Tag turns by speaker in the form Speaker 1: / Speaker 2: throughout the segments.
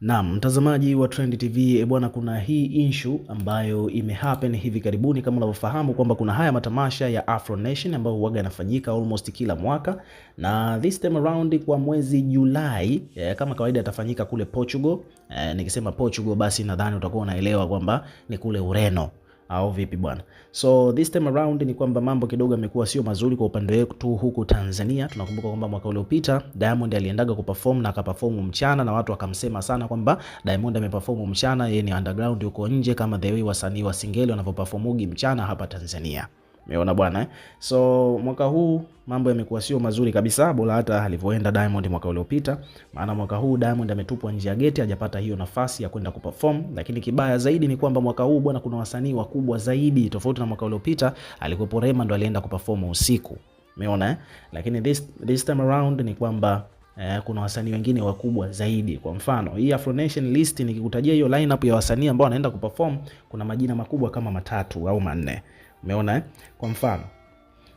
Speaker 1: Naam, mtazamaji wa Trend TV e bwana, kuna hii issue ambayo imehappen hivi karibuni, kama unavyofahamu kwamba kuna haya matamasha ya Afro Nation ambayo huaga yanafanyika almost kila mwaka, na this time around kwa mwezi Julai eh, kama kawaida yatafanyika kule Portugal. Eh, nikisema Portugal basi nadhani utakuwa unaelewa kwamba ni kule Ureno au vipi bwana? So this time around ni kwamba mambo kidogo yamekuwa sio mazuri kwa upande wetu huku Tanzania. Tunakumbuka kwamba mwaka uliopita Diamond aliendaga kuperform na akaperform mchana na watu wakamsema sana kwamba Diamond ameperform mchana, yeye ni underground yuko nje, kama the way wasanii wa singeli wanavyoperform mchana hapa Tanzania. Umeona bwana eh? So mwaka huu mambo yamekuwa sio mazuri kabisa, bora hata alivyoenda Diamond mwaka uliopita, maana mwaka huu Diamond ametupwa nje ya geti, hajapata hiyo nafasi ya kwenda kuperform. Lakini kibaya zaidi ni kwamba mwaka huu bwana, kuna wasanii wakubwa zaidi tofauti na mwaka uliopita. Alikuwepo Rema, ndo alienda kuperform usiku, umeona eh? Lakini this, this time around ni kwamba Eh, kuna wasanii wengine wakubwa zaidi. Kwa mfano hii Afro Nation list nikikutajia hiyo lineup ya wasanii ambao wanaenda kuperform, kuna majina makubwa kama matatu au manne. Umeona eh? Kwa mfano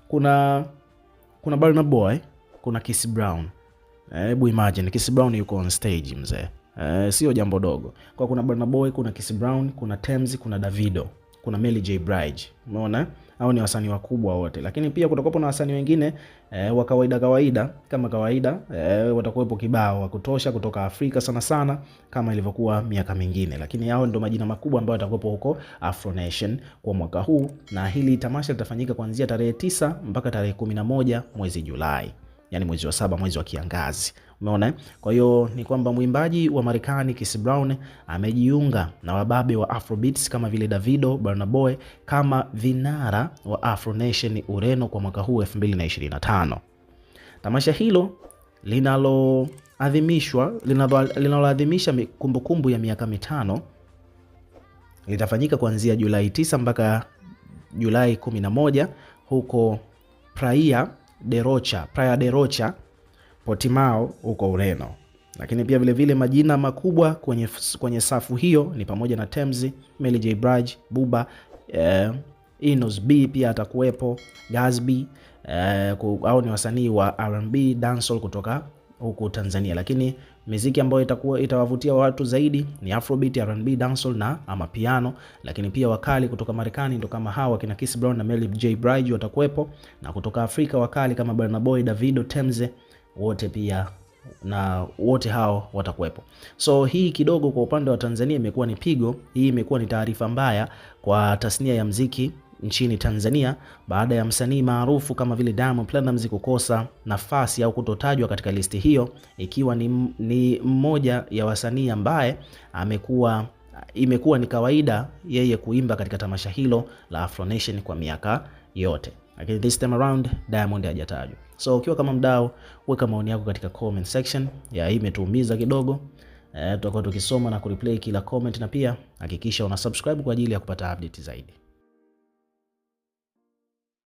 Speaker 1: kuna kuna Burna Boy, kuna Chris Brown. Eh, hebu imagine Chris Brown yuko on stage mzee. Eh, sio jambo dogo. Kwa kuna Burna Boy, kuna Chris Brown, kuna Tems, kuna Davido, kuna Mary J Blige. Umeona? au ni wasanii wakubwa wote, lakini pia kutakuwa na wasanii wengine e, wa kawaida kawaida kama kawaida e, watakuwepo kibao wa kutosha kutoka Afrika sana sana kama ilivyokuwa miaka mingine, lakini hao ndio majina makubwa ambayo yatakuwepo huko Afro Nation kwa mwaka huu, na hili tamasha litafanyika kuanzia tarehe tisa mpaka tarehe kumi na moja mwezi Julai yani mwezi wa saba, mwezi wa kiangazi. Umeona? Eh? Kwa hiyo ni kwamba mwimbaji wa Marekani Chris Brown amejiunga na wababe wa Afrobeats kama vile Davido, Burna Boy kama vinara wa Afro Nation Ureno kwa mwaka huu 2025. Tamasha hilo linaloadhimishwa linaloadhimisha kumbukumbu ya miaka mitano litafanyika kuanzia Julai 9 mpaka Julai 11 huko Praia Derocha, Praia Derocha, Portimao huko Ureno. Lakini pia vilevile vile majina makubwa kwenye, kwenye safu hiyo ni pamoja na Temzi, Meli J Braj, Buba, eh, Inos B pia atakuwepo, Gazby eh, au ni wasanii wa R&B dancehall kutoka huku Tanzania, lakini miziki ambayo itakuwa itawavutia watu zaidi ni Afrobeat, R&B, dancehall na piano, Lakini pia wakali kutoka Marekani ndo kama hawa kina Chris Brown na Mary J Blige watakuwepo, na kutoka Afrika wakali kama Burna Boy, Davido, Temze wote pia na wote hao watakuwepo. So hii kidogo kwa upande wa Tanzania imekuwa ni pigo, hii imekuwa ni taarifa mbaya kwa tasnia ya mziki nchini Tanzania baada ya msanii maarufu kama vile Diamond Platnumz kukosa nafasi au kutotajwa katika listi hiyo, ikiwa ni, ni mmoja ya wasanii ambaye amekuwa imekuwa ni kawaida yeye kuimba katika tamasha hilo la Afronation kwa miaka yote, lakini this time around Diamond hajatajwa. So ukiwa kama mdau, weka maoni yako katika comment section ya hii, imetuumiza kidogo. E, tutakuwa tukisoma na kureplay kila comment, na pia hakikisha una subscribe kwa ajili ya kupata update zaidi.